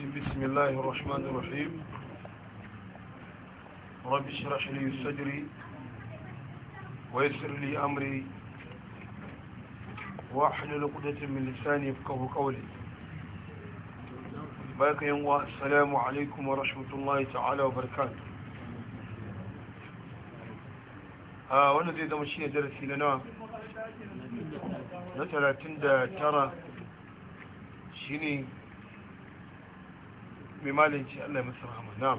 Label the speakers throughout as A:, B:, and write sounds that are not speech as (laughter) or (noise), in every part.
A: الرجيم بسم الله الرحمن الرحيم رب اشرح لي صدري ويسر لي أمري واحلل عقدة من لساني يفقهوا قولي باقي السلام عليكم ورحمة الله تعالى وبركاته آه وانا زي ده مشينا درسي لنا na 39 شيني mai malin ce Allah masu rahama na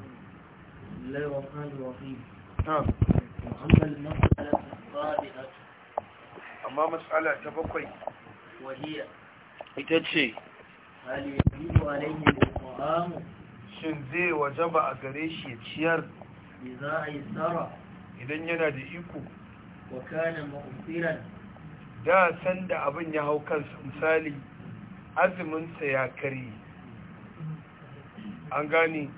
A: amma matsala ta amma bakwai ita ce shin zai wajaba a gare shi ya ciyar idan yana da iko wa da sanda abin ya hau kansa misali azumin sa ya karye an gane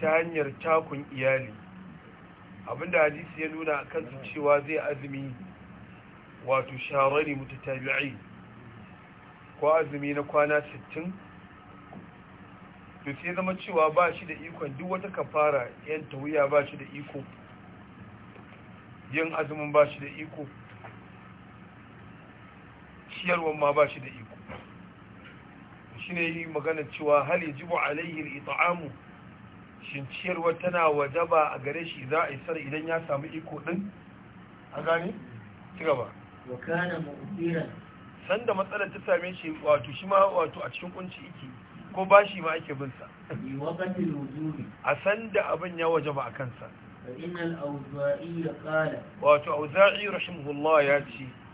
A: ta hanyar takun iyali abinda hadisi ya nuna a kansu cewa zai azumi wato sharari mutatabi'i ko azumi na kwana 60 to sai zama cewa ba shi da ikon duk wata kafara yan tawuya ba shi da iko yin azumin ba shi da iko ciyarwan ma ba shi da iko ne yi magana cewa hal yajibu alaihi al-it'amu shin ciyarwa tana wajaba a gare shi za a isar idan ya samu iko din a gane ci gaba wa kana mu'tiran sanda matsalar ta same shi wato shi ma wato a cikin kunci yake ko bashi ma ake bin sa a sanda abin ya wajaba a kansa fa innal awza'i qala wato awza'i rahimahullah ya ce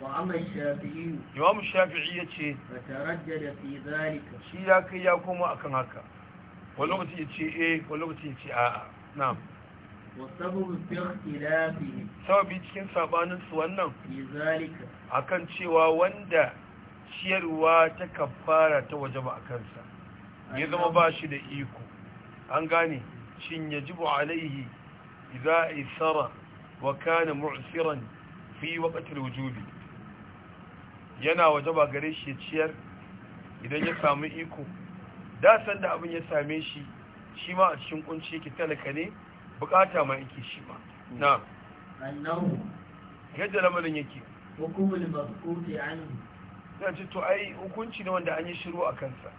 A: imamu shafi'i ya ce shi ya kai ya komo akan haka wani ya ce a wani ya ce a'a na sababi cikin sabaninsu wannan akan cewa wanda ciyarwa ta fara ta waje a kansa ya zama ba shi da iko an gane shi ya jibu alaihi za a yi tsara wa kane mu'asiran fi wakatar wujudu yana waje ba gare shi ya ciyar idan ya samu iko da sanda abin ya same shi shi ma a cikin kunci yake talaka ne bukata ma yake shi ma na yadda lamarin yake hukumul mafkuti anhu zan ce to ai hukunci ne wanda an yi shiru a kansa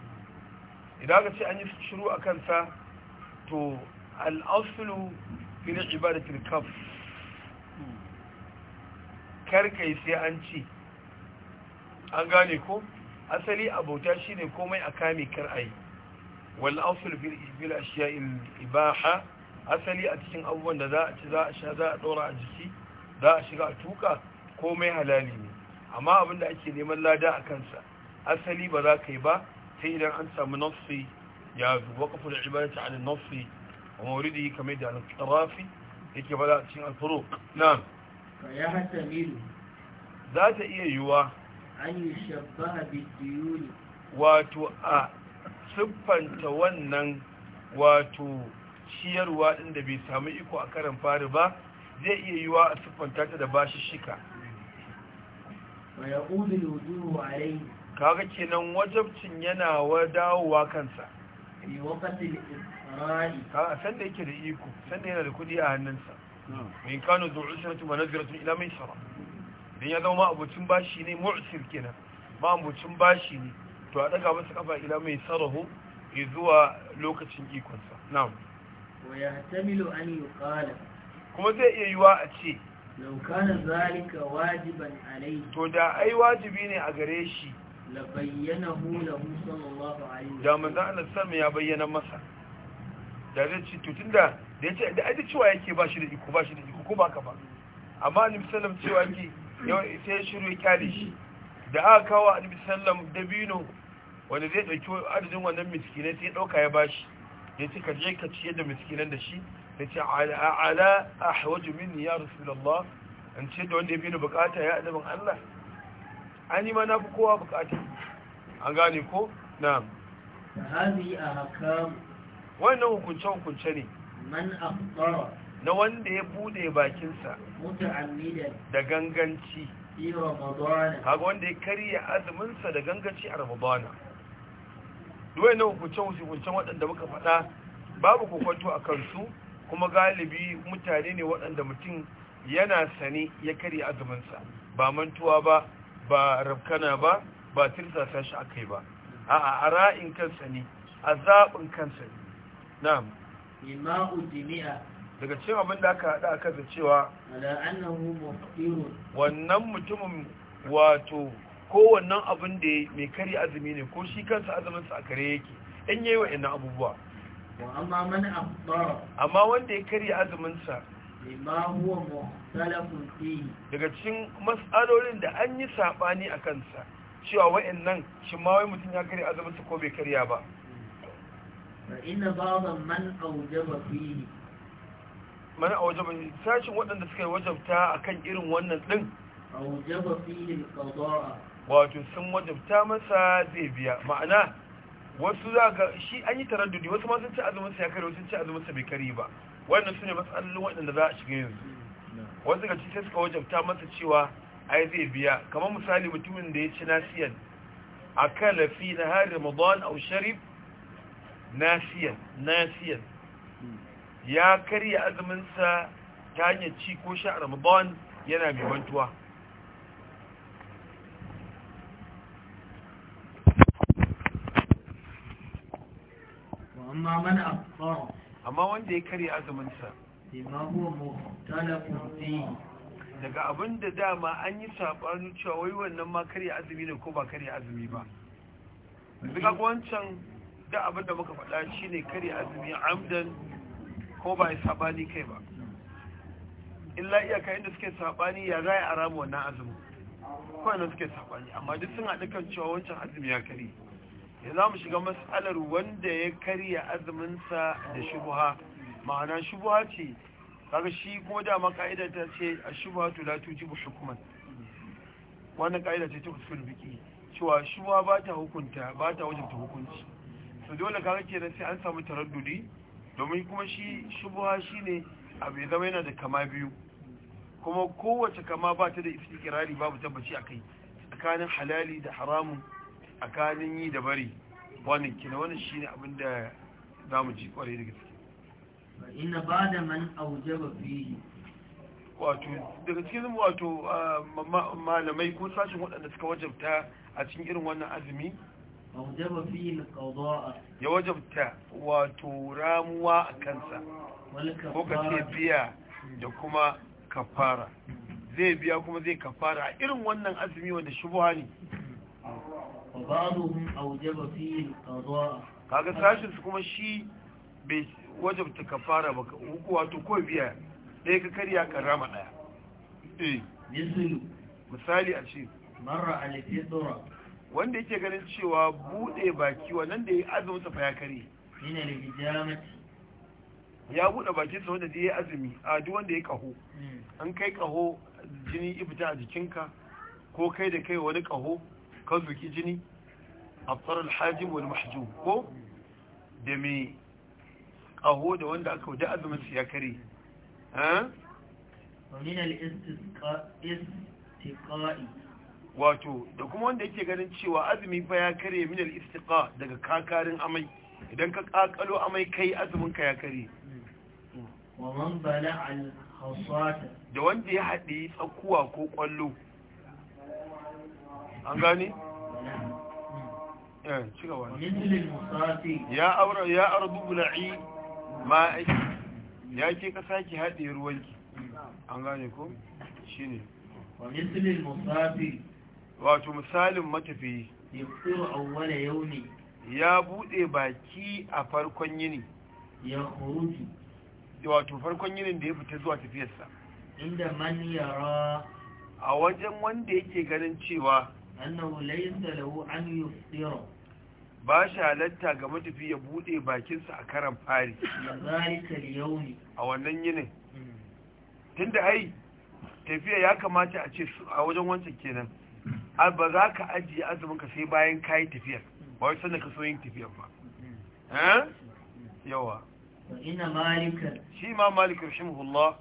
A: idan aka ce an yi shiru a kansa to al'asulu fil ibadatil kaf karkai sai an ce an gane ko asali abota shi ne komai a kame kar yi wani asl fil bil in ibaha asali a cikin abubuwan da za a ci za a sha za a ɗora a jiki za a shiga a tuka komai halali ne amma abin da ake neman lada a kansa asali ba za ka yi ba sai idan an samu nafsi ya zuwa kafin da ta a nafsi a yi kamar da al-tarafi yake ba za a cikin alfuro na ya hasa milu za ta iya yiwuwa an yi shabbaha bidiyuni wato a siffanta wannan wato ciyarwa ɗin da bai samu iko a karan fari ba zai iya yiwa a siffanta ta da bashi shika kaga kenan wajabcin yana wadawowa kansa a sanda yake da iko sanda yana da kudi a hannunsa min kano zuwa usratu manaziratu ila maisara idan ya zama abucin bashi ne mu'sir kenan ba abucin bashi ne to a daga masa kafa ila mai sarahu zuwa lokacin ikonsa na'am wa yahtamilu an yuqala kuma zai iya yiwa a ce law kana zalika wajiban alayhi to da ai wajibi ne a gare shi la bayyanahu lahu sallallahu alaihi da manzo Allah sallallahu ya bayyana masa da zai ci to tunda da yace da ai cewa yake ba shi da iko ba shi da iko ko ba ka ba amma ni misalin cewa yake yau sai shiru ya kyale shi da aka kawo annabi sallam dabino wanda zai dauki arzikin wannan miskinai sai dauka ya bashi ya ce ka je ka ci da miskinan da shi ya ce ala ahwaju minni ya Allah an ce da wanda ya bino bukata ya adabin Allah an yi ma na fi kowa bukata an gane ko na wannan hukunce hukunce ne man afdara na wanda ya bude bakinsa da ganganci haka wanda ya karya azuminsa da ganganci a ramadana duwai na hukuncen-hukuncen waɗanda muka faɗa babu kwakwato a kansu kuma galibi mutane ne waɗanda mutum yana sani ya karya azuminsa ba mantuwa ba ba rabkana ba ba tirsasa shi aka yi ba a ra'in kansa ne a zaɓin kansa ne na'am daga cewa abin da aka haɗa kansa cewa wannan mutumin wato kowannan abin da ya mai kari azumi ne ko shi kansa azuminsa a kare yake in yi wa ina abubuwa amma wanda ya kari azuminsa daga cin matsalolin da an yi saɓani a kansa cewa wa'in nan shi ma wai mutum ya kari azuminsa ko bai karya ba inna baban man aujaba fiye. mana a wajaba sashin waɗanda suka yi wajabta a kan irin wannan ɗin wato sun wajabta masa zai biya ma'ana wasu za ga shi an yi taraddudi wasu ma sun ci azumin sa ya kare wasu ci azumin sa bai kare ba wannan su ne matsalolin waɗanda za a shiga yanzu wasu ga sai suka wajabta masa cewa ai zai biya kamar misali mutumin da ya ci nasiyan a kan fi na hari ramadan au sharif nasiyan nasiyan ya karya azuminsa ta hanyar ci ko sha a ramadan yana mai bantuwa amma wanda ya karya azuminsa daga abin da dama an yi saɓanu cewa wai wannan ma karya azumi ne ko ba karya azumi ba Duk wancan da abin da muka faɗa shi ne karya azumi amdan ko ba ya sabani kai ba illa iyaka inda suke sabani ya za a rama wannan azumin Ko yana suke sabani amma duk sun haɗu kan cewa wancan azumi ya kari. ya za mu shiga matsalar wanda ya karya azuminsa da shubuha ma'ana shubuha ce kaga shi da ma ka'ida ta ce a shubuha tu la tujibu hukuman wannan ka'ida ce ta usul biki cewa shubuha ba ta hukunta ba ta wajibta hukunci su dole kaga kenan sai an samu taraddudi domin kuma shi shi ne abu ya zama yana da kama biyu kuma kowace kama ba ta da kirari babu tabbaci a kai tsakanin halali da haramun tsakanin yi da bari wani kina wannan ne abin da mu ji kwarai da gaske wato daga cikin wato ah, malamai ko sashin waɗanda suka wajabta a cikin irin wannan azumi ya wajabta wato ramuwa a kansa ko ka ce biya da kuma kafara zai biya kuma zai kafara a irin wannan azumi wanda shubuha ne kaga sashinsu su kuma shi bai wajabta kafara ba wato ko biya ɗaya ka karya ka rama ɗaya misali a ce mara alifisura wanda yake ganin cewa bude baki wannan da ya azumin sa fa ya kare ya bude baki sa wanda ya azumi a duk wanda ya kaho hmm. an kai kaho jini ifita a jikinka ko kai da kai wani kaho ka zuki jini afsar alhajim wal mahjum ko da me kaho da wanda aka wuce azumin sa ya kare ha min al-istiqa'i wato da kuma wanda yake ganin cewa azumi fa ya kare min al-istiqa daga kakarin amai idan ka kakalo amai kai azumin ka ya kare wa man bala al-hasat da wanda ya hadi tsakuwa ko kwallo an gane eh cika musafi. ya aura ya ardu bula'i ma ya ce ka saki hadi ruwanki an gane ko shine wa misli al musafi. wato misalin matafi ya bude baki a farkon yini ya khuruji wato farkon yinin da ya fita zuwa tafiyarsa inda man yara a wajen wanda yake ganin cewa annahu laysa lahu an yusira ba shi halatta ga matafi ya bude bakinsa a karan fari a wannan yinin hmm. tunda ai tafiya ya kamata a ce a wajen wancan kenan ba za ka ajiye azumin ka sai bayan ka yi tafiyar ba wai sanda ka so yin tafiyar ba eh? yawa ina shi ma malikar shi muhullah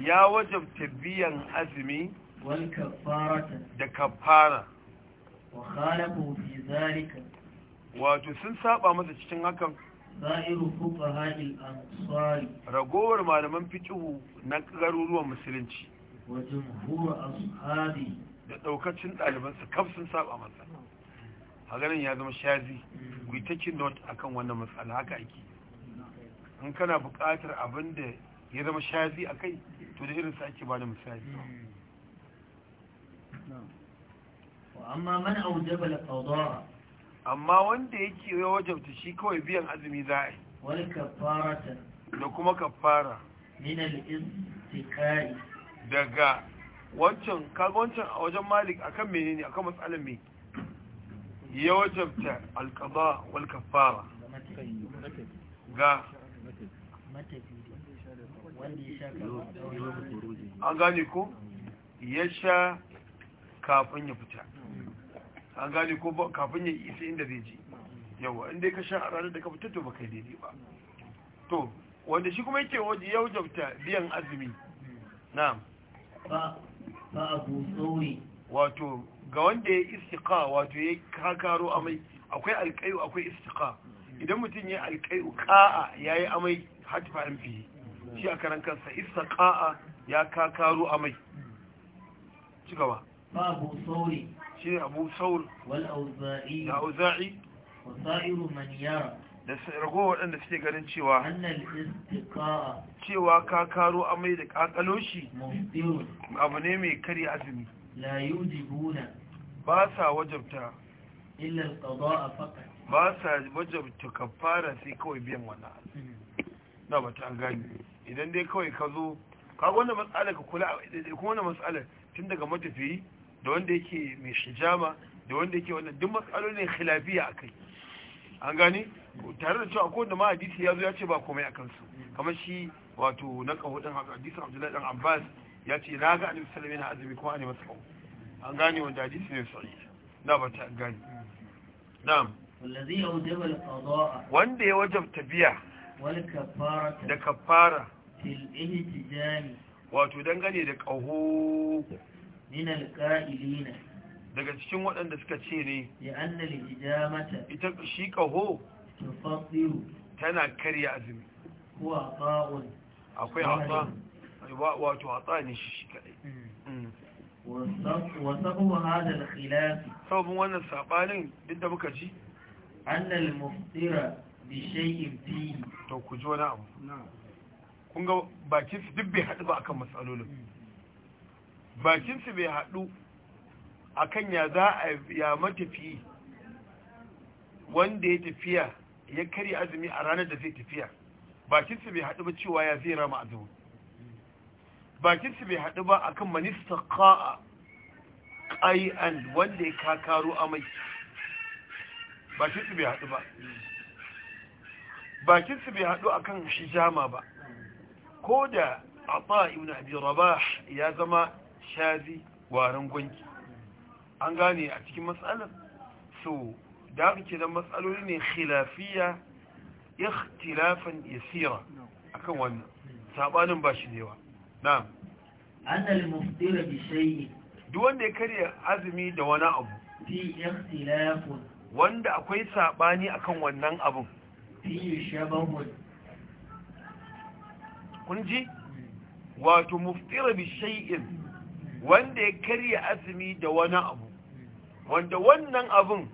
A: ya wajen tabbiyan azumi da kafara wato sun saba masa cikin hakan ragowar malaman fikihu na garuruwan musulunci wa ashabi da daukacin ɗaliban su kaf sun saba masa hagarin ya zama shazi ku ta kin akan wannan matsala haka ake in kana buƙatar abin da ya zama shazi a kai, to da irin sa ake ba da misali amma amma wanda yake ya wajabta shi kawai biyan azumi za a yi wal kafarata da kuma kafara min al-istiqai daga wancan kaga wancan a wajen malik akan menene akan matsalar me ya wajabta alqada wal kaffara ga an gane ko ya sha kafin ya fita an gane ko kafin ya isa inda zai ji yawa inda ka sha a ranar da ka fita to baka daidai ba to wanda shi kuma yake ya wajabta biyan azumi na'am wato ga wanda ya istiqa wato ya kakaro amai akwai alƙayu akwai istiqa idan mutum ya alƙayu ƙa'a ya yi amai hatifa an fiye shi a karan kansa ƙa'a ya kakaro amai ci gaba abu sauri shi abu sauri wal auza'i da auza'i wa sa'iru da rago waɗanda suke ganin cewa cewa ka karo amai da ƙaƙalo shi abu ne mai kari azumi ba sa wajabta ba sa wajabta kafara sai kawai biyan wannan hmm. na ba ta gani idan dai kawai ka zo ka wanda matsala ka kula kuma wanda matsala tun daga matafiyi da wanda yake mai shijama da wanda yake wannan duk matsalolin khilafiya a kai an gani tare da cewa ko da ma hadisi ya zo ya ce ba komai a kansu kamar shi wato na kahudin hadisin abdullahi dan abbas ya ce na ga annabi sallallahu alaihi azumi kuma ne masa an gane wanda hadisi ne sahih na ba ta gane na'am wallazi yawjaba al-qada'a wanda ya wajabta biya wal kafara da kafara fil ihtijami wato dangane da qahu min al-qa'ilina daga cikin waɗanda suka ce ne ita shi ƙaho tana karya azumi akwai hatsa wato hatsa ne shi shi kaɗai mm. mm. wasabu hadal khilafi sabon wannan saɓanin duk da muka ji annal muftira bi shay'in fi to ku ji wani abu kun ga bakin duk bai haɗu ba akan matsalolin mm. Bakinsu bai haɗu akan ya za a ya matafi wanda ya tafiya ya karya azumi a ranar da zai tafiya bakinsa bai haɗu ba cewa ya zai rama azumi bakinsa bai haɗu ba akan manista ka'a ƙai'an wanda ya kakaro amai bakinsa bai haɗu ba bakinsa bai haɗu akan shijama ba ko da a ba ibn abin rabah ya zama shazi warin gwanki an gane a cikin matsalar so da aka ce da matsaloli ne khilafiya ikhtilafan yasira akan wannan sabanin ba shi da yawa na'am annal muftira bi shay'in duk wanda ya karya azumi da wani abu fi ikhtilafun wanda akwai sabani akan wannan abun fi shabahun kun ji wato muftira bi shay'in wanda ya karya azumi da wani abu wanda wannan abun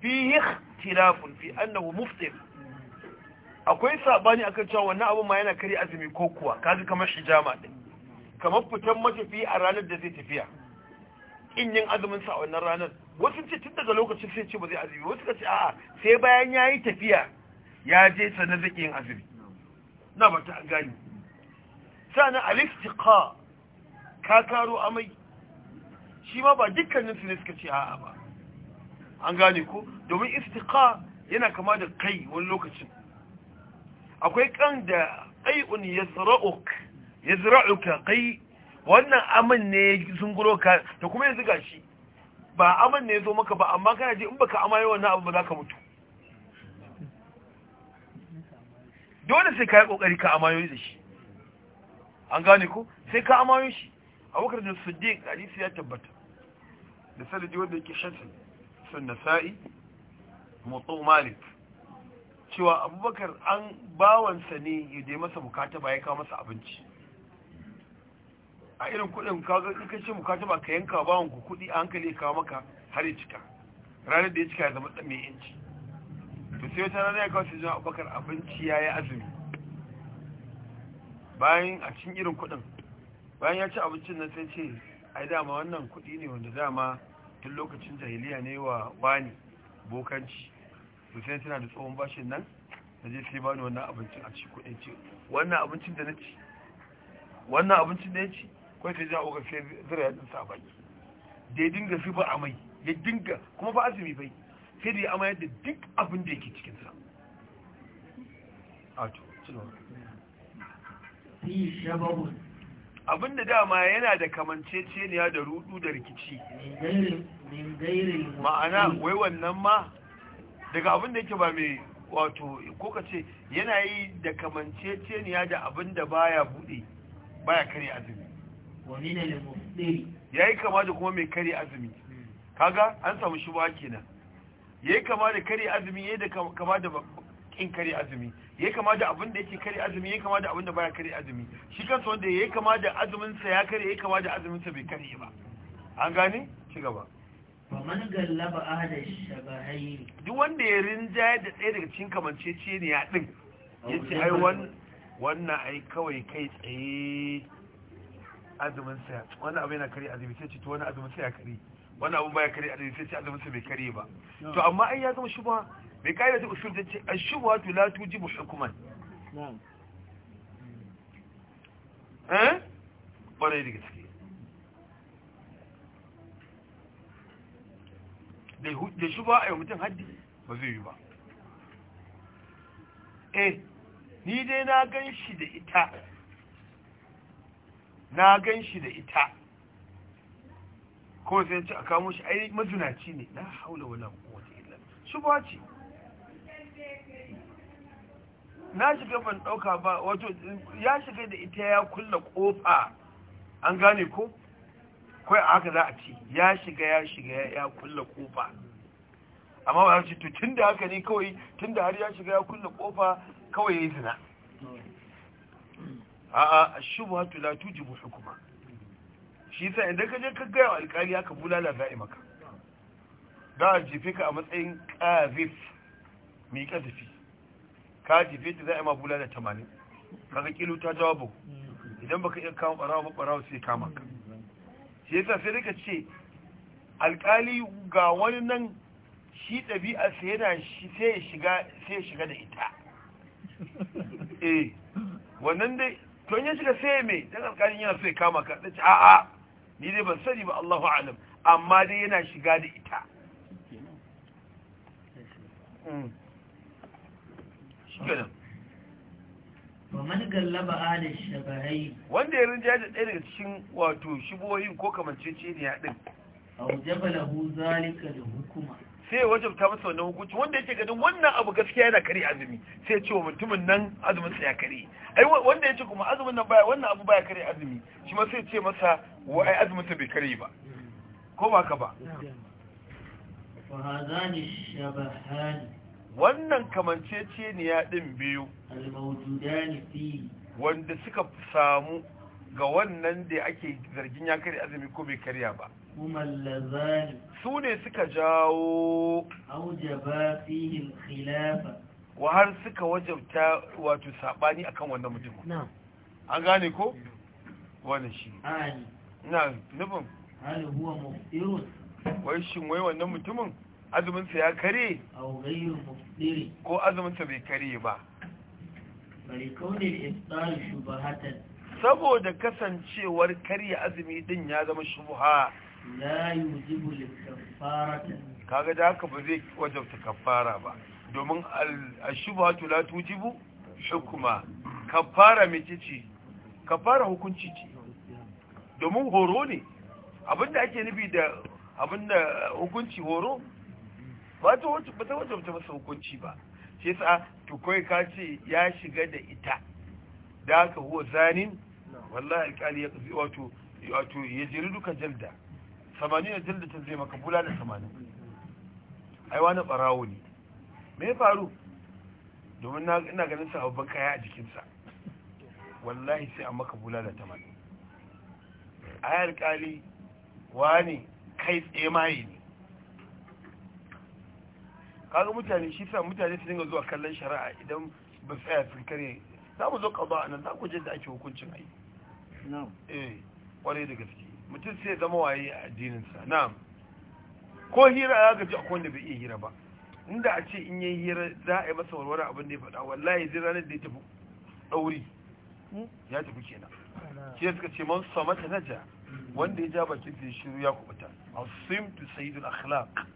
A: fi ikhtilafun fi annahu muftir akwai sabani akan cewa wannan abun ma yana karya azumi ko kuwa kaga kamar jama din kamar fitan matafi a ranar da zai tafiya in yin azumin sa a wannan ranar wasu ce tun daga lokacin sai ce ba zai azumi wasu ka ce a'a sai bayan yayi tafiya ya je sanar zai yin azumi na ba ta gani sannan al-istiqa ka karo amai shi ma ba dukkanin su ne suka ce a'a ba an gane ko domin istiqa yana kama da kai wani lokacin akwai kan da qai'un yazra'uk yazra'uka qai wannan amin ne zunguro ka da kuma yanzu gashi ba amin ne zo maka ba amma kana ji in baka amaye wannan abu ba za ka mutu dole sai ka yi kokari ka amayoyi da shi an gane ko sai ka amayoyi. shi abubakar da siddiq hadisi ya tabbata da sanadi wanda yake shatin sun nasa'i motsa malik cewa abubakar an bawansa ne ya je masa mukataba ya kawo masa abinci a irin kudin kaga in kace mukataba ka yanka bawan ku kudi a hankali ya kawo maka har ya cika ranar da ya cika ya zama mai yanci to sai wata rana ya kawo su zuwa abubakar abinci ya yi azumi bayan a cikin irin kudin bayan ya ci abincin nan sai ce ai dama wannan kuɗi ne wanda dama tun lokacin jahiliya ne wa bani bokanci sosai tana da tsohon bashin nan da je sai bani wannan abincin a ci kuɗin ce wannan abincin da na ci wannan abincin da ya ci kawai sai ja uga sai zira ya dinsa a baki da ya dinga zuba mai ya dinga kuma ba azumi bai sai da ya amayar da duk abin da yake cikinsa a to cinawa fi shababun abin da dama yana da kamanceceniya da rudu da rikici ma'ana wai wannan ma daga abin da yake ba mai wato ko ka ce yana yi da kamanceceniya da abin da baya bude baya kare azumi ya yi kama da kuma mai kare azumi kaga an samu shubuwa kenan ya yi kama da kare azumi ya yi da kama da kin kare azumi ya kama da abin da yake kare azumi ya kama da abin da baya kare azumi shi kansa wanda ya kama da azumin sa ya kare ya kama da azumin sa bai kare ba an gane ci gaba man gallaba ahada shabahaini duk wanda ya rinja da tsaye daga cikin kamanceceniya din yace ai wannan ai kawai kai tsaye azumin sa wani abu yana kare azumi sai ce to wani azumin sa ya kare wani abu baya kare azumi sai ce azumin sa bai kare ba to amma ai ya zama ba. mai da su usul ta ce hukuman eh? da a haddi ba zai yi ba eh, ni dai na gan shi da ita na gan shi da ita sai ce a kamo shi ai mazunaci ne na haula wala quwwata illa ba ce na shiga ban ɗauka ba wato ya shiga da ita ya kulla kofa an gane ko kawai a haka za a ci ya shiga ya shiga ya kulla kofa amma ba shi tun da haka ne kawai tun da har ya shiga ya kulla kofa kawai ya yi zina a'a shubhatu la tujibu hukuma shi sa idan ka je ka ga alƙali aka bulala za'i maka da jefe ka a matsayin qazif mi qazfi ka jife ta za a yi bula da tamanin kaga kilo ta jawabu idan baka iya kama barawa ba barawa sai kama ka shi yasa sai rika ce alkali ga wani nan shi ɗabi'a sai yana shi sai ya shiga sai ya shiga da ita (laughs) eh wannan dai tun ya shiga sai mai dan alkali yana so ya kama ka dace a a ni dai ban sani ba Allahu a'lam amma dai yana shiga da ita shikenan wanda ya rinja da ɗaya daga cikin wato shibohin ko kamanceceniya ɗin sai wajabta masa wannan hukunci wanda yake ganin wannan abu gaskiya yana kare azumi sai ce wa mutumin nan azumin sa ya kare ai wanda yake kuma azumin nan baya wannan abu baya kare azumi shi ma sai ce masa wa ai azumin sa bai kare ba ko ba ka ba fa hadani shabahani wannan kamanceceniya ɗin biyu wanda suka samu ga wannan da ake zargin ya karya azumi ko bai karya ba su ne suka jawo wa har suka wajabta wato saɓani akan wannan mutum an gane ko wani shi na nufin wai shin wai wannan mutumin azuminsa ya kare ko azuminsa bai kare ba saboda kasancewar karya azumi din ya zama shubha kaga da haka ba zai wajabta kafara ba domin ashubhatu la tujibu hukuma kafara mece ce kafara hukunci ce domin horo ne abinda ake nufi da abinda hukunci horo ba ta wuce ba ta wuce ba ta masa hukunci ba shi sa to kai ka ce ya shiga da ita da aka huwa zanin wallahi alƙali ya kafi wato wato ya jiri duka jalda samani da jalda ta zai maka bula da samani ai wani barawo ne me ya faru domin ina ganin sababbin kaya a jikinsa wallahi sai a maka bula da tamanin. ai alƙali wani kai tsaye maye ne kaga mutane shi sa mutane su dinga zuwa kallon shari'a idan ba tsaya sun kare za mu zo kaza a nan za ku je da ake hukuncin ai eh kwarai da gaske mutum sai zama waye a addininsa na ko hira ya gaji a wanda bai iya hira ba inda a ce in yi hira za a yi masa warware abin da ya faɗa wallahi zai ranar da ya tafi ɗauri ya tafi kenan shi suka ce man samata naja wanda ya ja bakin da ya shiru ya kubuta sim to sayidul akhlaq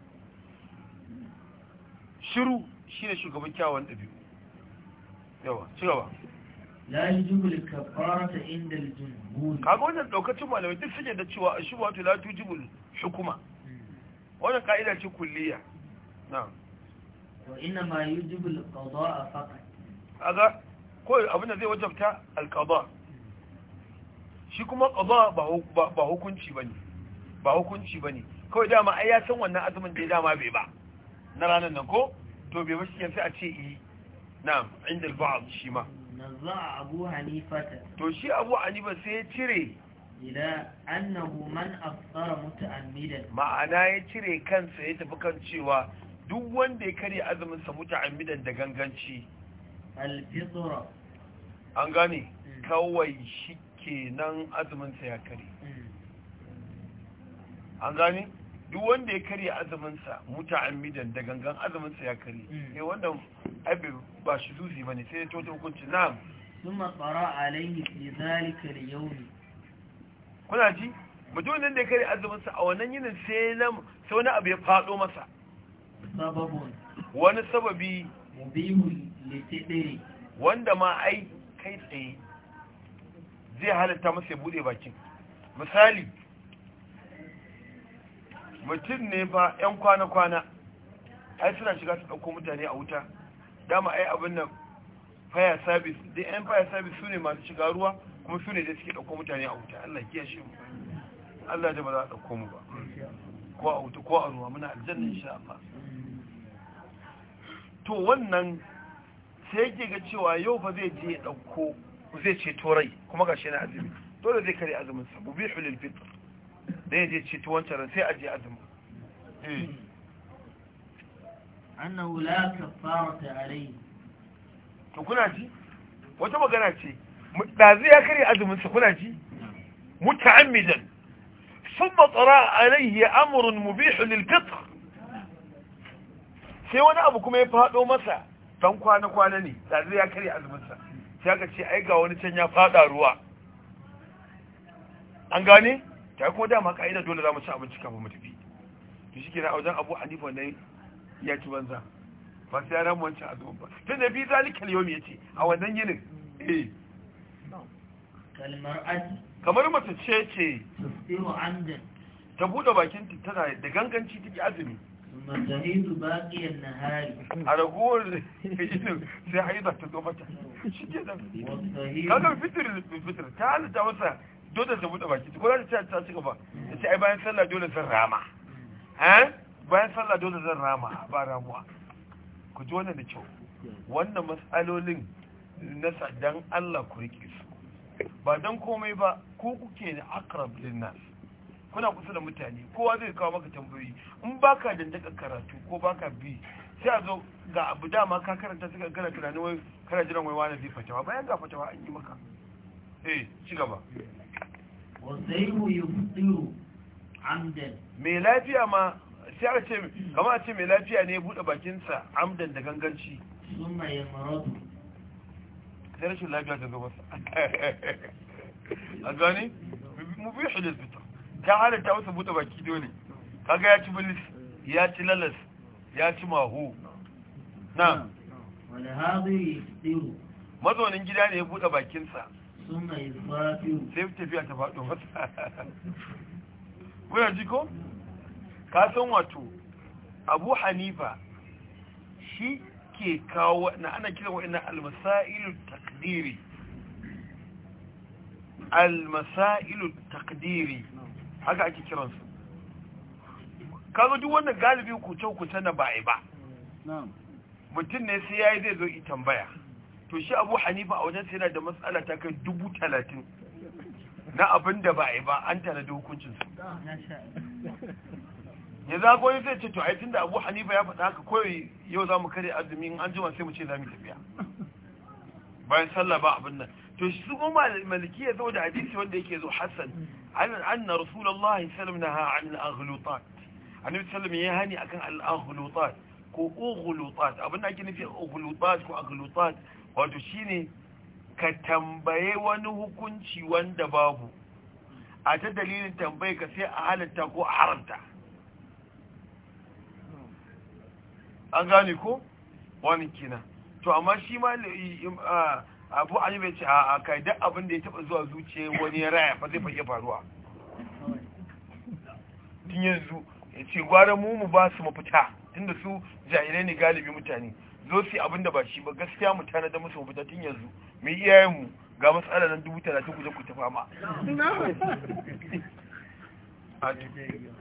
A: shiru shi ne shugaban kyawawan ɗabi'u yawa cigaba. gaba la yujibu al-kaffarata inda al-jumhur kaga wannan ɗaukacin malamai duk suke da cewa shubhatu la tujibu shukuma. wannan kaida ce kulliya na'am wa inna ma yujibu al-qada'a faqat kaga ko abin da zai wajabta al shi kuma qada ba hukunci bane ba hukunci bane kawai dama ai ya san wannan azumin da dama bai ba na ranar nan ko to bai wasu yanzu a ce yi eh, na inda ba'a bad shi ma a abu hanifata to shi abu hanifa sai ya cire ila annahu man afsara muta'ammidan ma'ana ya cire kansa ya tafi kan cewa duk wanda ya kare azumin sa muta'ammidan da ganganci al-fitra an gane mm. kawai shi kenan azumin sa ya kare mm. an gane duk wanda ya karya azuminsa amidan da gangan azuminsa ya kare hmm. eh wanda abin ba shi zuzi bane sai ya tota hukunci na'am thumma tsara alayhi fi zalika al-yawm kuna ji mutum nan da ya karya azuminsa a wannan yinin sai na sai wani abu ya fado masa sababun wani sababi mubihun litidiri wanda ma ai kai tsaye zai halatta masa ya bude bakin misali mutum ne ba 'yan kwana-kwana ai suna shiga su ɗauko mutane a wuta dama ai abin nan fire service da 'yan fire service su ne masu shiga ruwa kuma su ne da suke ɗauko mutane a wuta Allah ya shi Allah da ba za a ɗauko mu ba ko a wuta ko a ruwa muna aljanna insha Allah to wannan sai yake ga cewa yau ba zai je ɗauko zai ce torai kuma gashi na azumi dole zai kare azumin sa mubihu lil fitr da ya je ci tuwon ran sai a je azumi eh. annahu to kuna ji wata magana ce da zai ya kare azumin kuna ji muta'ammidan thumma tara amurin mu mubih lil fitr sai wani abu kuma ya fado masa dan kwana kwana ne da zai ya kare azumin sa sai aka ce ai ga wani can ya fada ruwa an gane ta kuma dama ka'ida dole za mu ci abinci kafin mu tafi to shi kenan a wajen abu hanifa ne ya ci banza ba sai ran wancan azumin ba tun da bi zalikal yawmi yace a wannan yinin eh kalmar aji kamar mace ce ce tusiru amdan ta bude bakin ta tana da ganganci take azumi matahidu baqiyan nahari a ragowar sai haida ta zo mata shi ke nan kaga fitir fitir ta halitta wasa dole ta buɗe baki ko da ta ce ci gaba ta ce ai bayan sallah dole zan rama eh bayan sallah dole zan rama ba ramuwa ku ji wannan da kyau wannan matsalolin na dan Allah ku rike su ba dan komai ba ku kuke da akrab lin nas kuna kusa da mutane kowa zai kawo maka tambayoyi in baka dantaka karatu ko baka bi sai a zo ga abu dama ka karanta suka gana tunanin wai kana jiran wai wani zai fatawa bayan ga fatawa an yi maka eh ci gaba mai lafiya ma sai a ce kama a ce mai lafiya ne buɗe bakinsa amdan da ganganci sai rashin lafiya ta gabasa a gani mu biyu shi lesbita ta halatta wasu buɗe baki dole kaga ya ci bilis ya ci lalas ya ci mahu. na Wani ya mazaunin gida ne ya buɗe bakinsa sai tafiya ta faɗo masa wuyar jiko? kasan wato abu hanifa shi ke kawo na ana kira wa'ina almasailu takdiri almasailu takdiri haka ake kiransu kazo duk wanda galibi kuce-kuce na ba'i ba mutum ne sai ya yi zai zo itan tambaya to shi abu hanifa a wajen yana da matsala ta kai dubu talatin na abin da ba a yi ba an tanadi hukuncinsu ya za goyi zai ce to a yi da abu hanifa ya faɗa haka kawai yau za mu kare azumin an jima sai mu ce za mu tafiya bayan sallah ba abin nan to shi su kuma maliki ya zo da hadisi wanda yake zo hassan an anna rasulullah sallam na an al-aghlutat annabi sallam ya hani akan al-aghlutat ko ughlutat abin da ake nufi ughlutat ko aghlutat wato ne, ka tambaye wani hukunci wanda babu a ta dalilin tambaye ka sai a halatta ko a haramta an gane ko wani kina to amma shi ma abu an yi ce a kai duk abin da ya taba zuwa zuce wani ya raya fa zai fage faruwa tun yanzu ya ce gwara mu mu ba su mafita tunda su jahilai ne galibi mutane zo su abin da ba shi ba gaskiya mu tana da musu mafita tun yanzu mu yi iyayenmu ga matsala nan dubu talatin ku ku tafa ma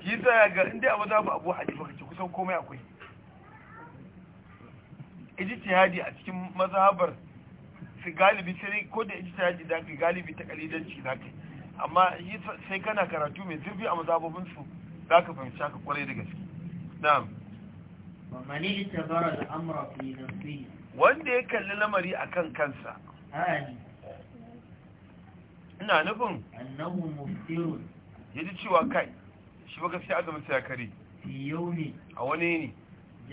A: shi sa ga inda abu maza mu abu hadifa kace kusan komai akwai hadi a cikin mazhabar su galibi sai ko da hadi da galibi ta kalidanci zaka amma sai kana karatu mai zurfi a mazhabobin su ka fahimci haka kwarai da gaske na'am wanda ya kalli lamari a kan kansa ina nufin ya ji cewa kai shi ba gaskiya azumin ya kare a wani ne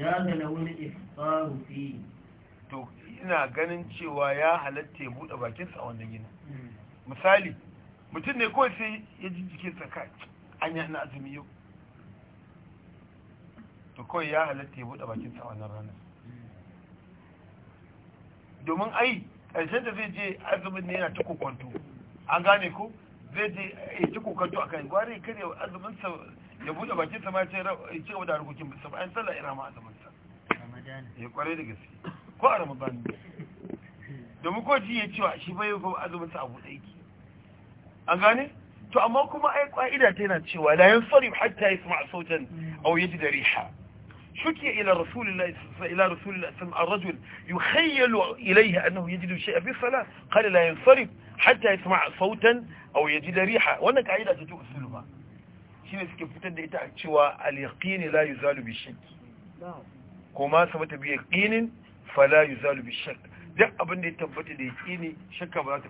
A: gana wani iftaru fi to ina ganin cewa ya halatta ya buɗe bakinsa a wannan yini hmm. misali mutum ne kawai sai ya ji jikinsa kai an yi azumi yau to kawai ya halatta ya buɗe bakin sa wannan ranar domin ai ƙarshen da zai je azumin ne yana ta kokonto an gane ko zai je ya ci kokonto a kan gwari kar ya azumin sa ya buɗe bakin sa ma ce ya ci gaba da harkokin bisa bayan sallah ya ma azumin sa ya kware eh, da gaske ko a ramadan domin ko ji ya cewa shi bai ko azumin sa a buɗe yake an gane to amma kuma ai ƙa'ida ta yana cewa la yansarif hatta yasma sautan aw yajid riha شكي إلى رسول الله إلى رسول الله صلى الله عليه وسلم الرجل يخيل إليه أنه يجد شيئا في الصلاة قال لا ينصرف حتى يسمع صوتا أو يجد ريحة وأنا قاعدة تؤسلها شنو سكي فتن دي اليقين لا يزال بالشك كما ثبت بيقين فلا يزال بالشك duk abin da ya tabbata da ya ne shakka ba za ta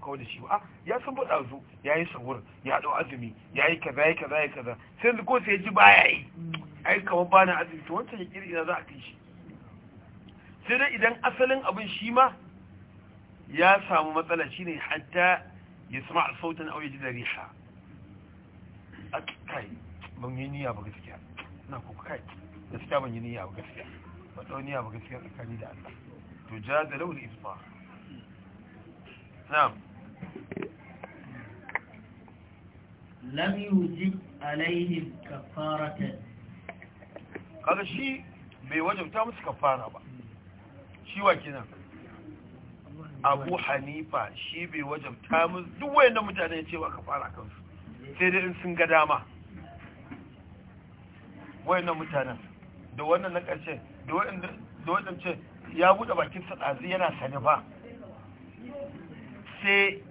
A: kawo da shi ba ya san ba ɗazu ya yi sahur ya ɗau azumi ya kaza kaza kaza sai ko sai ji baya yi ai kamar ba na asibiti wancan ya ina za a kai shi sai dai idan asalin abin shi ma ya samu matsala shine hatta ya sama a sautan auye ji da riha a kai ban yi niyya ba gaskiya na ko kai gaskiya ban yi niyya ba gaskiya ba tsawon niyya ba gaskiya tsakani da Allah to ja da launi isma na'am lam yujib alaihim kafaratan kaga shi bai wajabta musu kafara ba shi wa kina abu hanifa shi bai wajabta musu duk wayanda mutane ya ce ba kafara kansu sai dai in sun ga dama wayannan mutanen da wannan na karshe da waɗanda ce ya bude bakin sadazi yana sani ba sai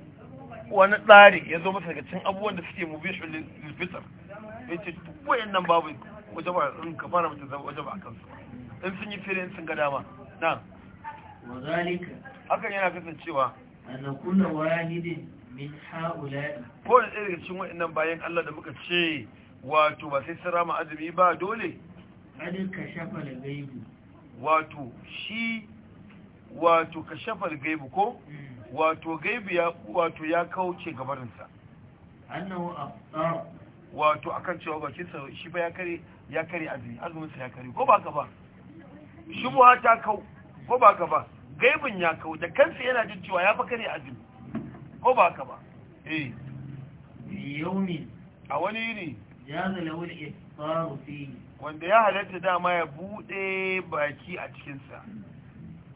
A: wani tsari ya zo masa daga cin abubuwan da suke mubi shulil fitar ya ce wayannan babu waje in ka fara mutum zama waje ba a kansu in sun yi fere in sun ga dama na hakan yana kasancewa annan kulla wahidin min ha'ula'i kowane ɗaya daga cikin waɗannan bayan Allah da muka ce wato ba sai sun rama azumi ba dole adin ka shafa gaibu wato shi wato ka shafa gaibu ko hmm. wato gaibu ya wato ya kauce gabarinsa annahu aftar wato akan cewa bakin sa shi ba ya kare ya kare azumi azumin sa ya kare ko ba ka ba shubuha ta kau ko ba ka ba gaibin ya kau da kansa yana jin cewa ya fa kare azumi ko ba ka ba eh yauni a wani yini ya zalawu ya faru fi wanda ya halatta dama ya bude baki a cikin sa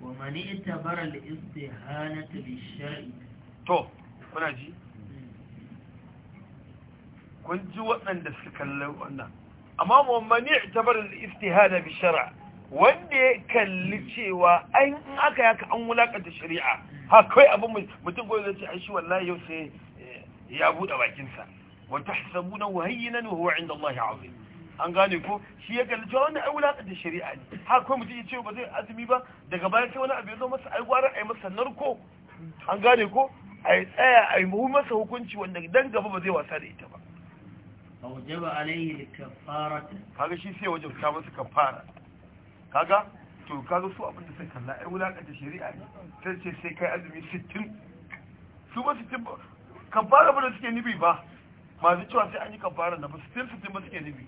A: wa mani itabara al istihanatu bi shar'i to kuna ji kun ji waɗanda suka kalli wannan amma mummani i'tabar al-istihada bi shar'a wanda ya kalli cewa an in aka yaka an wulakanta shari'a ha kai abin mutum goyi zai ce ai shi wallahi yau sai eh, ya bude bakin sa wa tahsabuna wahayyinan wa huwa 'inda Allah 'azim an gane ko shi ya kalli cewa wannan ai wulakanta shari'a ne ha kai mutum ya ce ba zai azumi ba daga baya sai wani abu ya zo masa ai gwara ai masa narko an gane ko ai tsaya ai mu masa hukunci wanda dan gaba ba zai wasa da ita ba aujaba alaihi likafarata kaga shi sai wajen ta masa kafara kaga to kaga su abinda sai kalla ai wulakanta shari'a ne sai ce sai kai azumi 60 su ba 60 kafara ba da suke nubi ba masu cewa sai an yi kafara na ba 60 60 ba suke nubi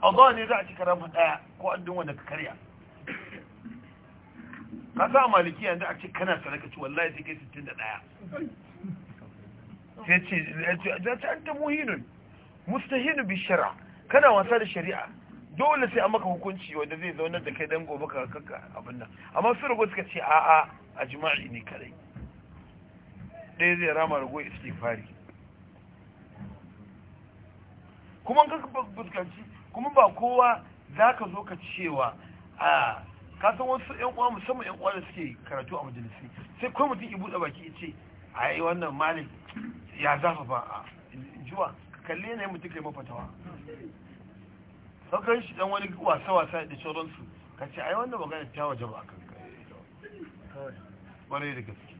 A: kaza ne za a ci karama daya ko an dinwa daga karya ka sa maliki yanzu a ce kana sadaka ci wallahi sai kai 61 sai ce ya ce an ta muhinun mustahinu bi shari'a kana wasa da shari'a dole sai a maka hukunci wanda zai zaunar da kai dan gobe ka kanka abin nan amma su rago suka ce a'a a jima'i ne kadai ɗaya zai rama rago fari kuma ka fuskanci kuma ba kowa zaka zo ka cewa a ka san wasu yan uwa musamman yan uwa da suke karatu a majalisi sai kuma mutum ya buɗe baki ya ce ai wannan malik ya zafa ba a juwa kalli ne mutum kai mafatawa saukan shi dan wani wasa-wasa da sauransu ka ce ai wanda magana ta waje ba a kan kwarai da gaske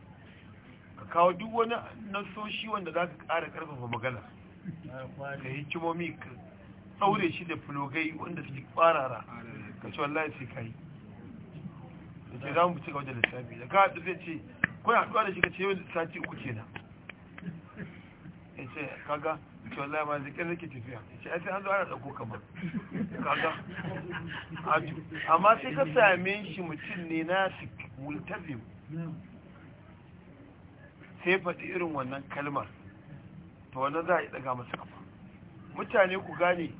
A: ka kawo duk wani nasoshi wanda za ka kara karfafa magana ka yi hikimomi ka tsaure shi da fulogai wanda su kwarara ka ce wallahi sai ka yi da ce za mu ci gaba da lissafi da ka haɗu zai ce kuna haɗuwa da shi ka ce yau da sati uku kenan ya ce kaga ce wallahi ma zikin nake tafiya ya ce ai an zo ana ɗauko kamar
B: kaga amma sai ka same
A: shi mutum ne na multazim sai faɗi irin wannan kalmar Ta wannan za a yi ɗaga masu kafa mutane ku gane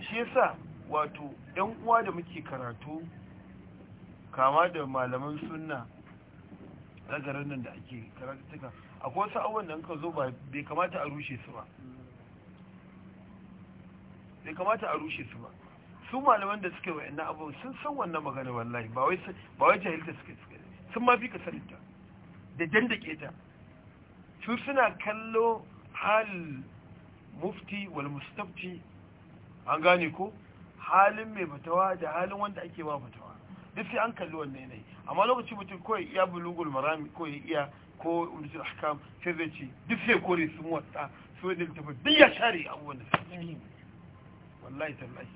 A: shi yasa wato ‘yan uwa da muke karatu kama da malaman sunna na garin nan da ake karatu akwai wasu abubuwan da in zo ba bai kamata a rushe su ba bai kamata a rushe su ba su malaman da suke wa'in abu sun san wannan magana wallahi ba wai jahilta suke suke sun ma fi kasarinta da dandake ta su suna kallo hal mufti wal mustafti an gane ko halin mai fatawa da halin wanda ake ma fatawa duk sai an kalli wannan yanayi amma lokacin mutum kawai iya bulugul marami kawai iya ko ulul ahkam sai zai ce duk sai kore su muwatta su wani tafi duk ya share a da wallahi tallahi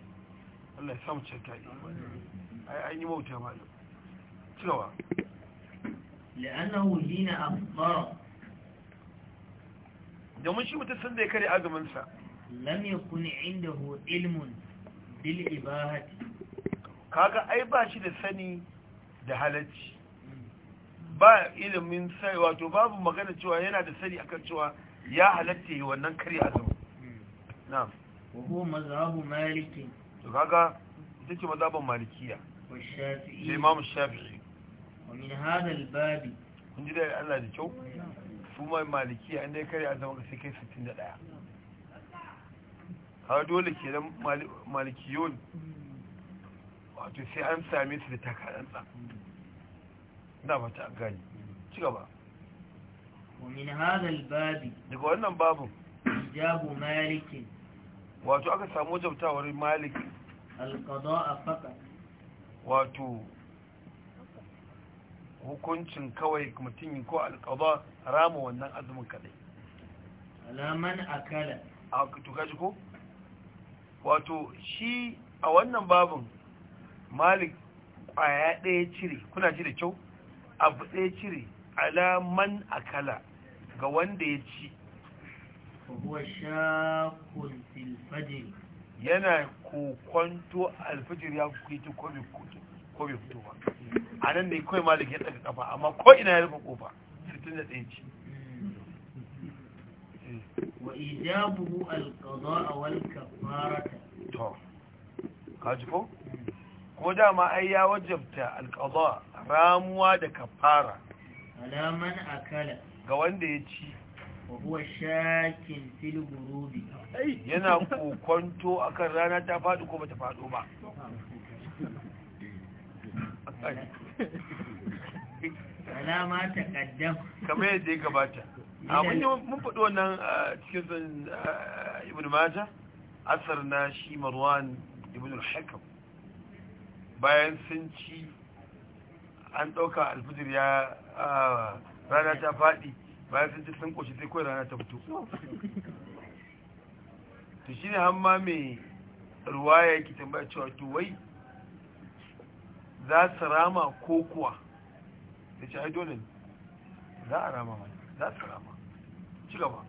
A: Allah ya samu canta ai an yi mauta malam cewa لأنه هنا da mun shi mutum sun da ya kare agaminsa lam yakun indahu ilmun bil ibahati kaga ai ba shi da sani da halacci ba ilimin sai wato babu magana cewa yana da sani akan cewa ya halatta yi wannan kari a na'am na ko mazhabu maliki to kaga ita ce mazhabin malikiya Sai shafi'i imam shafi'i wa min hada al-babi kun ji da Allah da kyau su ma malikiya an dai kare azumi sai kai 61 ha dole ke da malikiyon mm. wato sai an same su da takarantsa na fata gani ci gaba min hadal babi. daga wannan babu ijabu maliki. wato aka samu jabtawar malik alqada faqat wato hukuncin kawai mutum ko alqada rama wannan azumin kadai alaman akala a to kaji ko wato shi a wannan babun malik kwaya ɗaya cire kuna ji da kyau abu ɗaya cire alaman akala ga wanda ya ci yana kokonto alfajir ya kuka ko bai fito ba a nan ne kawai malik ya daga kafa amma ko ina ya rufe kofa 61 ci hmm. wa ijabuhu alqada wal kafarata to kaji ko hmm. ko dama ai ya wajabta alƙaza ramuwa da kafara alaman akala ga wanda ya ci wahuwa shakin fil gurubi yana kokonto akan rana ta faɗi ko bata faɗo ba alama ta kaddam kamar yadda ya gabata abin da mun faɗo wannan cikin ibn mata asar na shi marwan ibn al-hakam bayan sun ci an ɗauka alfijir ya rana ta faɗi bayan sun ci sun ƙoshi sai kawai rana ta fito to shi ne hamma mai ruwa yi yake tambaya cewa to wai za su rama ko kuwa da shi ai dole za a rama mai za su rama ci gaba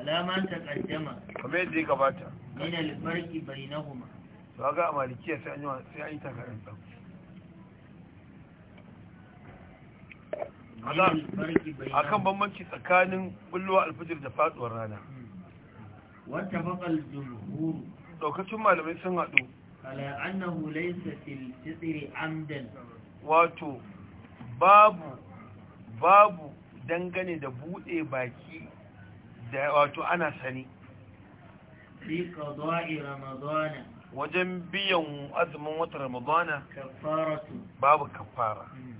A: alama ta kaddama kamar yadda ya gabata min alfarki bainahuma to ga a malikiya sai an yi sai an yi takarar ɗan a kan bambanci tsakanin bullowa alfijir da faɗuwar rana wata bakal jumhur ɗaukacin malamai sun haɗu ala annahu laysa amdan wato babu babu dangane da buɗe baki da wato ana sani fi qada'i ramadana wajen biyan azumin wata ramadana babu kafara hmm.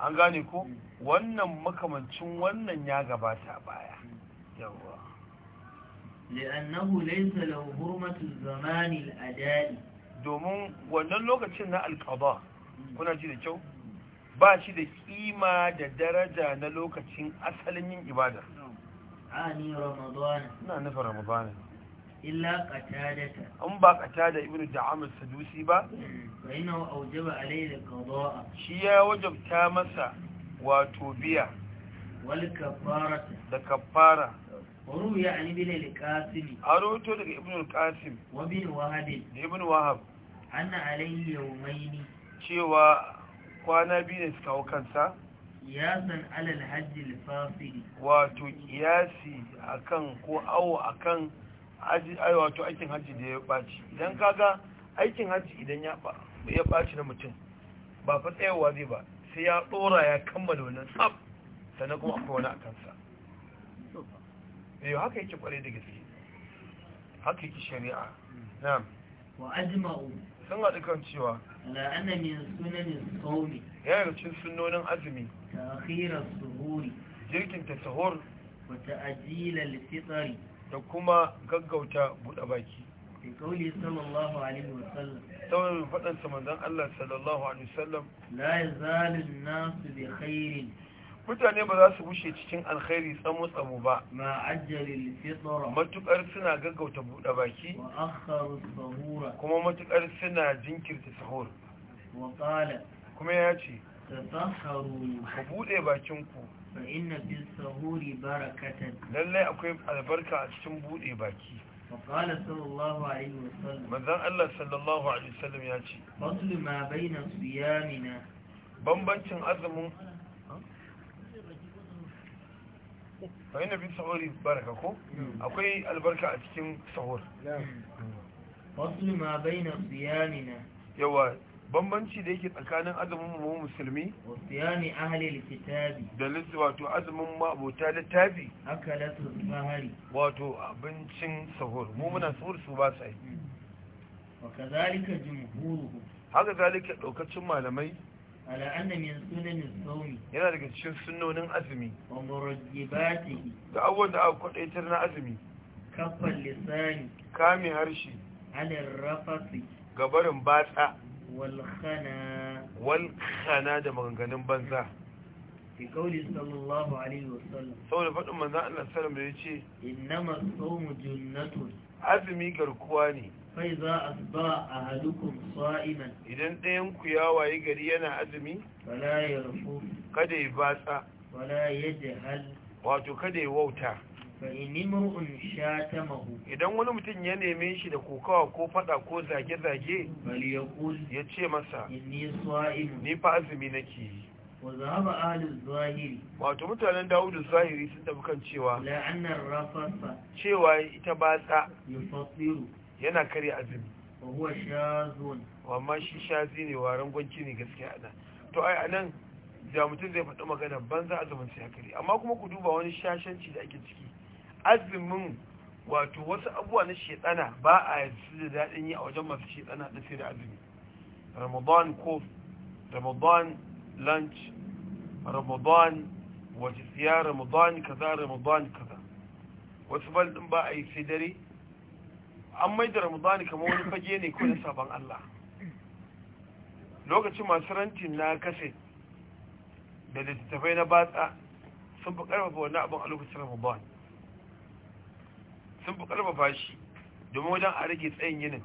A: an gane ko hmm. wannan makamancin wannan ya gabata baya hmm. yawa li'annahu laysa lahu hurmatu zamani al-ada'i domin wannan lokacin na alqada kuna ji da kyau ba shi da kima da daraja na lokacin asalin yin ibada ani ramadana ina nufin ramadana illa qatadata an ba qatada ibnu da'am as-sadusi ba fa innahu awjaba alayhi al-qada'a shi ya wajabta masa wato biya wal kafarata da kafara waru ya ani bin al-qasim aroto daga ibnu al-qasim wa bin wahab da ibnu wahab anna alayhi yawmayn cewa kwana biyu ne suka hau kansa kiyasan alal hajji al-fasili wato kiyasi akan ko awo akan wato aikin hajji da ya ɓaci idan kaga aikin hajji idan ya ɓaci na mutum ba fa tsayawa zai ba sai ya ɗora ya kammala wannan tsab sannan kuma akwai wani a kansa yau eh, haka yake kwarai da gaske haka yake shari'a na sun haɗu kan cewa sunanin ya yi cin sunonin azumi ta akhirar suhuri jirkin ta sahur wata ajiyar da kuma gaggauta buɗe baki da faɗansa manzon Allah sallallahu alaihi wasallam mutane ba za su bushe cikin alkhairi tsamo tsamo ba matuƙar suna gaggauta buɗe baki wa kuma matukar suna jinkirta sahur kuma ya ce tatahharu ku bude bakin ku fa inna sahuri barakatan lalle akwai albarka a cikin bude baki وقال صلى الله عليه وسلم ماذا الله صلى الله عليه وسلم ياتي فصل ما بين صيامنا بمبنتين azumin fa bin sahuri baraka hmm. akwai albarka a cikin sahur wasu ma bai na yawa bambanci da yake tsakanin azumin mu musulmi wasiyani ahli kitabi da lissu wato azumin ma abota da tabi akalatu mahari wato abincin sahur mu muna sahur su ba sai wa kadhalika jumhuru haka zalika daukacin malamai ala anna min sunanin sawmi yana daga cikin sunnonin azumi wa murajjibatihi da abubuwan da aka kwadaitar na azumi kafal lisani kame harshe alin gabarin batsa Walkana. walkhana da maganganun banza fi kauli sallallahu alaihi wasallam saboda faɗin manzan Allah sallam da ya ce Inna innama mu junnatun azumi garkuwa ne fai za a ba a halukun sa'iman idan ɗayan ku ya waye gari yana azumi wala ya rufu kada ya batsa wala ya jahal. wato kada ya wauta idan wani mutum ya neme shi da kokawa ko fada ko zage-zage ya ce masa ni fa azumi nake yi wato mutanen dawudu zahiri sun tafi kan cewa cewa ita ba batsa yana kare azumi amma shi shazi ne wa rangon ne gaskiya ana to ai anan da mutum zai faɗi magana banza azumin sai ya kare amma kuma ku duba wani shashanci da ake ciki azumin wato wasu abubuwa na shedana ba a su da daɗin yi a wajen masu shedana da sai da azumi ramadan kof ramadan lunch ramadan wace siya ramadan kaza ramadan kaza wasu baldin ba a yi sai dare an mai da ramadan kamar wani fage ne ko na sabon allah lokacin masu rantin na kase da littattafai na batsa sun fi karfafa wani abin a lokacin ramadan sun fi karfafa shi domin wajen a rage tsayin yinin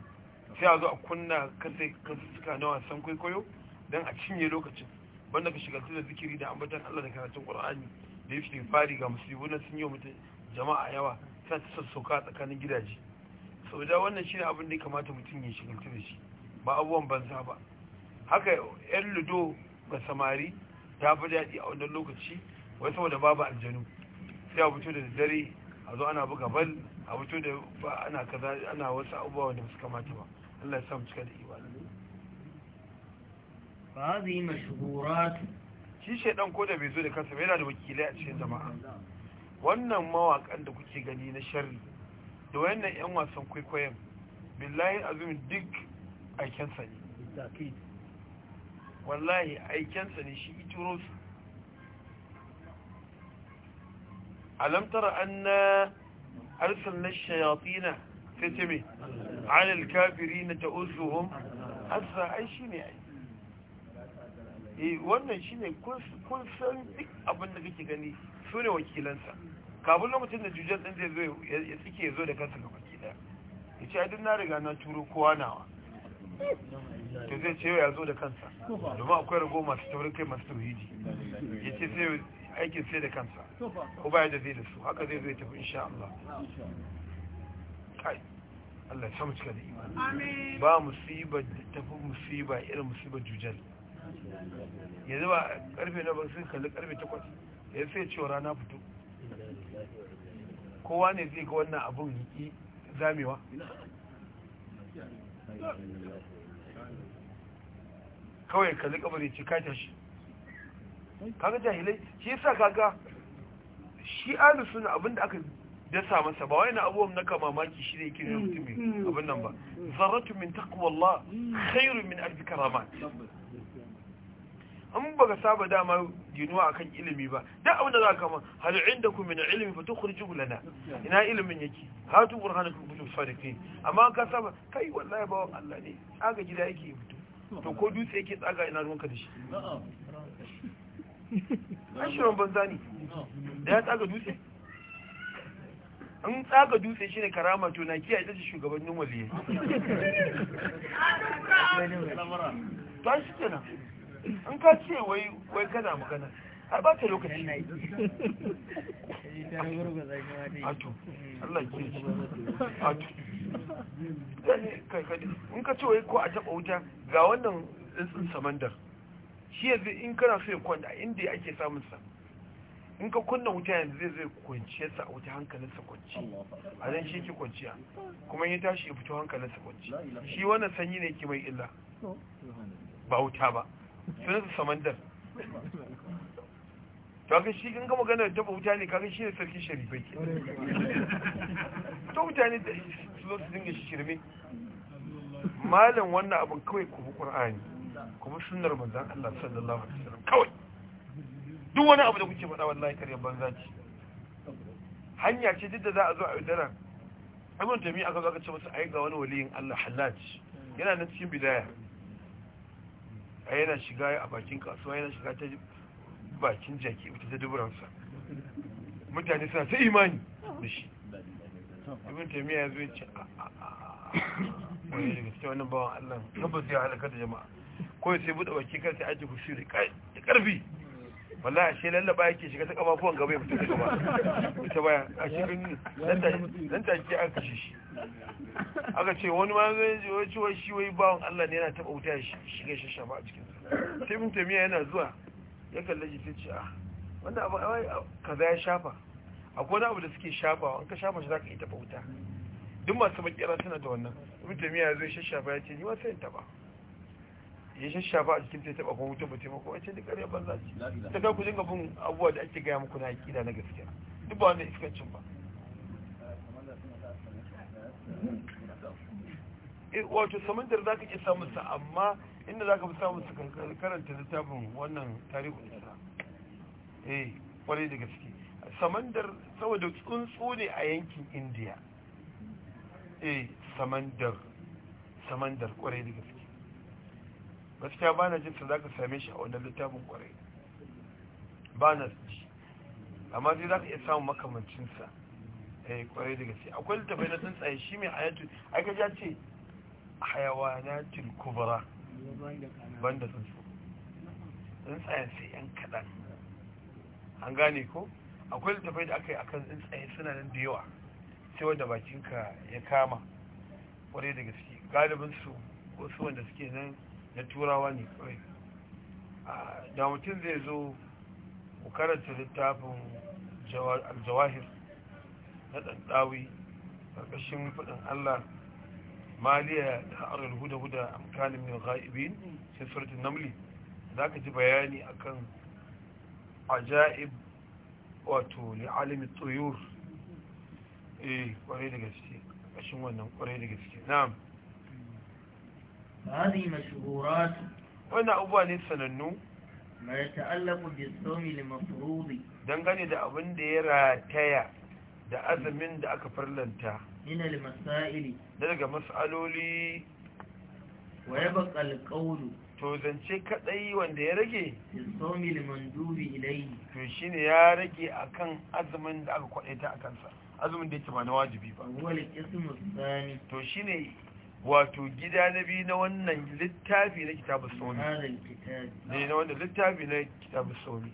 A: sai a zo a kunna kasai suka na wasan kwaikwayo don a cinye lokacin banda ka shigaltu da zikiri da ambatan Allah da karatun Qur'ani da fi fari ga musulmi na sun yi mutum jama'a yawa sai ta sassauka tsakanin gidaje da wannan shi ne abin da ya kamata mutum ya shigar da shi ba abubuwan banza ba haka yan ludo ga samari ta fi daɗi a wannan lokaci wai saboda babu aljanu sai a fito da dare a zo ana buga bal a wato da ba ana kaza ana wasu abubuwa wanda suka mata ba Allah ya samu cika da ne fa zai mashhurat shi shedan ko da bai zo da kansa yana da wakilai a cikin jama'a wannan mawakan da kuke gani na sharri da wayannan yan wasan kwaikwayon billahi azumi duk aikensa ne wallahi aikensa ne shi ituro su tara anna arsalna shayatina sai ce me alal kafirina ta'uzuhum azza ai shine ai eh wannan shine kun san duk abinda kake gani su ne wakilansa kafin lokacin da jujjal din zai zo ya tsike zo da kansa ga ki ya ce adin na riga na turo kowa nawa to zai ce ya zo da kansa domin akwai rago masu taurin kai masu tauhidi ya ce sai aikin sai da kansa ko baya da zai da su haka zai zai tafi insha Allah kai Allah ya samu cika da imani ba musiba da tafi musiba irin musiba jujal yanzu ba karfe na ba sun kalli karfe takwas ya sai cewa rana fito kowa ne zai ga wannan abun yi zamewa kawai kalli kabari ci kata shi kaga jahilai shi yasa kaga shi ahlus sunna abinda aka dasa masa ba wani abuwan na kama maki shi ne yake hmm, mutum hmm. abin nan ba zarratu min taqwallah hmm. khairu min alf karamat an baka saba dama ginuwa akan ilimi ba da abin da za ka ma hal indakum min ilmi fatukhrijuhu lana ina ilimin yake hatu burhanakum kuntum sadiqin amma ka saba kai wallahi ba Allah ne tsaga gida yake fito to ko dutse yake tsaga ina ruwanka da shi
B: an
A: shirin banza ne da ya tsaga dutse an tsaga dutse shi ne karama to na kiyaye ita ce shugabannin waliyai ta shi kenan an ka ce wai wai kana magana har ba ta lokaci na yi ato Allah ke ce ato kai in ka ce wai ko a taɓa wuta ga wannan tsuntsun samandar shi yanzu in kana so ya kwanta inda ake samun sa in ka kunna wuta yanzu zai zai kwanciya sa a wuta hankalinsa kwanci a zan shi ke kwanciya kuma ya tashi ya fito hankalinsa kwanci shi wannan sanyi ne ke mai illa ba wuta ba sun su samandar to ka shi kan gama ganar taba wuta ne kaga shi ne sarki sharifai ke ta wuta ne da su zo su dinga shirme malam wannan abin kawai kuma ƙur'ani kuma sunnar manzan Allah sallallahu alaihi wasallam kawai duk wani abu da kuke faɗa wallahi kare banza ce hanya ce duk da za a zo a yaudara abin da aka zo aka ce masa ai ga wani waliyin Allah halaj yana nan cikin bidaya ai yana shiga a bakin kasuwa yana shiga ta bakin jaki wata ta duburansa mutane suna ta imani da shi da mi ya zo ya ce a a a wani daga cikin wannan bawan Allah tabbas ya halaka da jama'a kawai sai buɗe baki kan sai aji kushuri da ƙarfi wallahi ashe lallaba yake shiga ta kafafuwan gaba ya fito da gaba ita baya a cikin nan take an kashe shi aka ce wani ma zai ji wai ciwon shi wai bawon Allah ne yana taba wuta ya shiga shi shafa a cikin sai mun tamiya yana zuwa ya kalla shi sai ce a ah, wanda abu kaza ya shafa akwai wani abu da suke shafa, an ka shafa shi za ka yi taba wuta duk masu bakira suna da wannan mun tamiya ya zo shi shafa ya ce ni ma sai in taba ya shashafa a cikin ta ya taba kuma wutar ba taimako a cikin ƙarya banza ce ta kai ku dinga abuwa abubuwa da ake gaya muku na aƙida na gaskiya duk ba wannan iskancin ba eh, wato samantar za ka iya samun sa amma inda za ka fi samun su karanta littafin wannan tarihi isra eh kwarai da gaske samandar saboda tsuntsu ne a yankin indiya eh samandar samandar kwarai da gaske gaskiya ba na jinsa za ka same shi a wannan littafin kwarai ba na ji amma zai za ka iya samun makamancinsa eh kwarai da gaske akwai littafai na tsuntsaye shi mai hayatu aika ja ce hayawanatin kubara banda tsuntsu tsuntsayen sai yan kaɗan an gane ko akwai littafai da aka yi akan tsuntsaye suna nan da yawa sai wanda bakinka ya kama kwarai da gaske galibinsu wasu wanda suke nan na turawa ne kawai da mutum zai zo mu karanta littafin aljawahir na ɗanɗawi ƙarƙashin faɗin allah maliya da harin huda-huda a makanin mai ga'ibin sai suratun namli za ka ji bayani akan ajaib wato li'alimin tsoyur eh kwarai da gaske ƙarƙashin wannan kwarai da gaske na'am هذه مشهورات وانا أبوى نسان النو ما يتعلق بالصوم المفروض دنغاني دا أبن ديرا تايا دا أزمين دا أكفر لنتا من المسائل دلقى مسألولي ويبقى القول to zance kadai wanda ya rage sawmi limandubi ilayhi to shine ya rage akan azumin da aka kwadaita akan sa azumin da yake ba na wajibi ba wal ismu tsani to shine wato gida na biyu na wannan littafi na kitabu sauni ne eh, na wannan littafi na kitabu sauni